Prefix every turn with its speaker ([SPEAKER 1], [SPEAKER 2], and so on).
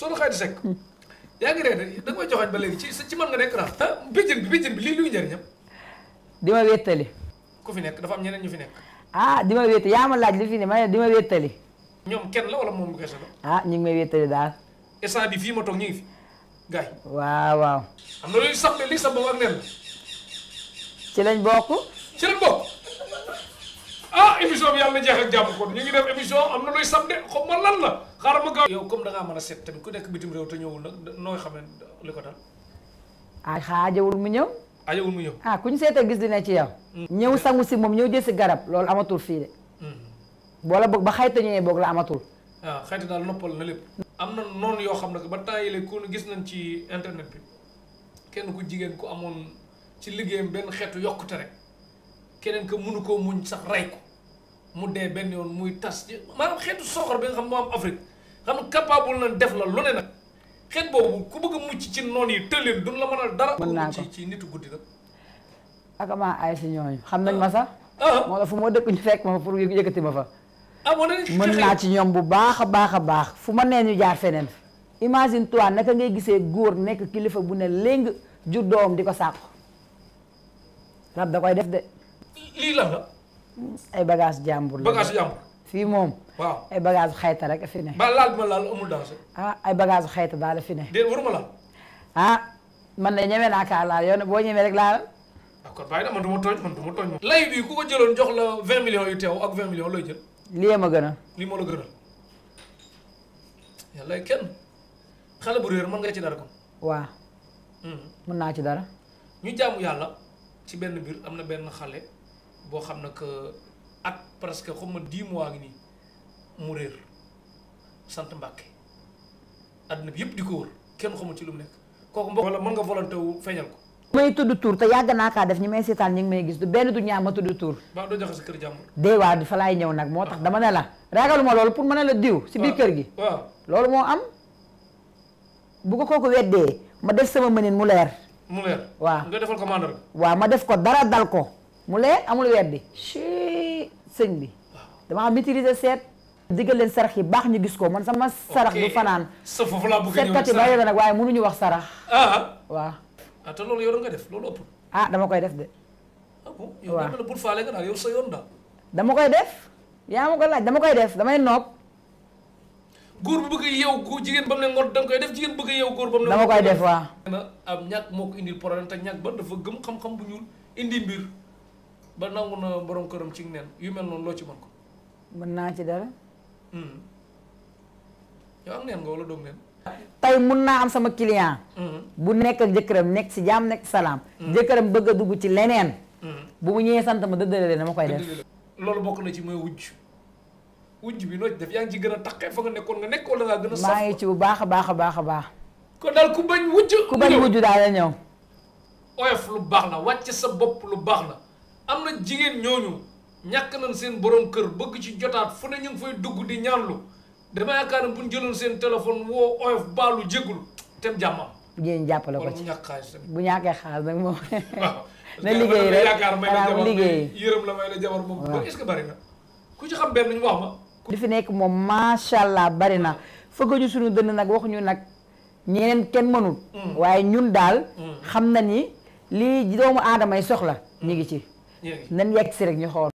[SPEAKER 1] Soxna Khady Seck. yaa ngi ree da nga may joxoon ba léegi ci ci man nga nekk naa. ah béjjën bi béjjën bi lii luy njëriñam.
[SPEAKER 2] di ma wéttali.
[SPEAKER 1] ku fi nekk dafa am ñeneen ñu fi nekk.
[SPEAKER 2] ah di ma wéttali yaa ma laaj li fi ne ma ne
[SPEAKER 1] ñoom kenn la wala moom kese la.
[SPEAKER 2] ah ñu ngi may wéttali daal.
[SPEAKER 1] instant bi fii ma toog ñu fi
[SPEAKER 2] gaay. waaw waaw.
[SPEAKER 1] am na luy sax li sax boobu ak nen la. ci lañ bokk. ci ah, na jeex ak jàmm kon am na luy sam de xaw ma lan la. xaaral ma gaaw yow comme da ngaa mën a seet tamit ku nekk bitim réew te ñëwul nag nooy xamee li ko dal.
[SPEAKER 2] ah xaajawul mu ñëw. ajawul mu ñëw. ah ku ñu seetee gis dina ci yow. Mm. ñëw sangu si moom ñëw jël si garab loolu amatul fii de.
[SPEAKER 1] boo mm-hmm.
[SPEAKER 2] la boog ba xayta ñëwee boog la amatul.
[SPEAKER 1] ah xayta daal noppal na lépp. am na noonu yoo xam ne ba temps yële ku gis nañ ci internet bi kenn ku jigéen ku amoon ci liggéeyam benn xeetu yokkute rek keneen ko mënu koo muñ sax rey ko. mu dee benn yoon muy tas maanaam xeetu soxor bi nga xam moo am Afrique xam nga capable na def la lu ne nag xeet boobu ku bëgg mucc ci noon yi tëleel duñ la mënal dara. mën naa ko ci nitu guddi nag.
[SPEAKER 2] ak maa ay si xam nañ ma sax. Ah. Ah. fu ma dëkk ñu fekk ma fa pour yëkkati ma fa.
[SPEAKER 1] Ah, mën naa ci
[SPEAKER 2] ñoom bu baax a baax a baax fu ma nee ñu feneen. imagine toi naka ngay gisee góor nekk kilifa bu ne léegi jur doom di ko sàkku rab da koy def de.
[SPEAKER 1] lii la la. ay
[SPEAKER 2] bagage jàmbur bagage jàmbur fii moom waaw ay bagage xayta rek fi ne ba
[SPEAKER 1] laal ma laal amul dansé
[SPEAKER 2] ah ay bagage xayta daal fi ne déet waruma laal ah man de ñeme naa kaa laal yow boo ñemee rek
[SPEAKER 1] laal d'accord ah, bàyyi na man du tooñ man du tooñ moom lay bi ku ko jëloon jox la vingt millions yu teew ak vingt millions looy jël lii ma gën a lii moo la gën a yàlla kenn xale bu réer mën nga ci dara ko waaw hmm. mën naa ci dara ñu jaamu yàlla ci benn biir am na benn xale boo xam ne que at presque xaw ma dix mois ngi nii mu réer sant Mbàkke àdduna bi yëpp di ko wër kenn xamul ci lu mu nekk kooku mbokk wala mën nga volonté wu feeñal ko.
[SPEAKER 2] may tudd tur te yàgg naa kaa def ñi may seetaan ñi ngi may gis du benn du ñaar ma tudd tur.
[SPEAKER 1] waaw doo joxe sa kër jàmbur.
[SPEAKER 2] dee waa di fa ñëw nag moo tax dama ne la ragaluma loolu pour ma ne la diw. si biir ah, kër gi waaw loolu moo am. bu kooku weddee ma def sama mënin mu leer.
[SPEAKER 1] mu waaw nga defal ko mandar.
[SPEAKER 2] waaw ma def ko dara dal ko. mu leer amul weddi ci sëñ bi dama am utiliser seet diggal leen sarax yi baax ñu gis ko man sama sarax du fanaan sa foofu laa bëgg seetkat yi bari na nag waaye mënuñu wax sarax ah waaw
[SPEAKER 1] ah te loolu yow nga def loolu ëpp
[SPEAKER 2] ah dama koy def de
[SPEAKER 1] ah waaw bul faale nga daal yow sa yoon daal
[SPEAKER 2] dama koy def yaa ma ko laaj dama koy def damay noob
[SPEAKER 1] góor bu bëgg a yeew jigéen ba ne ngoon da koy def jigéen bëgg a yeew góor ba dama koy def waaw am ñàkk moo ko indil problème te ñàkk ba dafa gëm xam-xam bu ñuul indi mbir ba nangu na borom këram ci neen yu mel noonu loo ci mën ko.
[SPEAKER 2] mën naa ci dara.
[SPEAKER 1] Hmm. yow am neen nga wala doom neen.
[SPEAKER 2] tey mun naa am sama client. Hmm. bu nekk ak jëkkëram nekk si jaam nekk salaam. Hmm. jëkkëram bëgg a dugg ci leneen. bu mu ñëwee sant ma dëddale leen dama koy def.
[SPEAKER 1] loolu bokk na ci mooy wujj. wujj bi noo ci def yaa ngi ci gën a taqee fa nga nekkoon nga nekk wala ngaa gën a. saf ci
[SPEAKER 2] bu baax a baax baax a baax. kon daal ku bañ wujj. ku bañ wujj daal la ñëw.
[SPEAKER 1] oyof lu baax la sa bopp lu baax la. am na jigéen ñooñu ñàkk nañ seen borom kër bëgg ci jotaat fu ne ñu ngi fay dugg di ñaanlu dama yaakaar ne bu ñu jëloon seen téléphone woo oyof baalu jégul tem jàmmam.
[SPEAKER 2] jàppale ko ci bu ñàkkee xaalis nag moom.
[SPEAKER 1] na liggéey na jabar yërëm la may na jabar moom. waaw est-ce ku ci xam benn ñu wax ma.
[SPEAKER 2] li fi nekk moom macha allah bari na fëgguñu suñu dënn nag waxuñu nag ñeneen kenn mënul. Mm. waaye ñun daal. Mm. xam na ni lii doomu aadama yi soxla mm. ñu ngi ci. nañ yegg si rek ñu xool.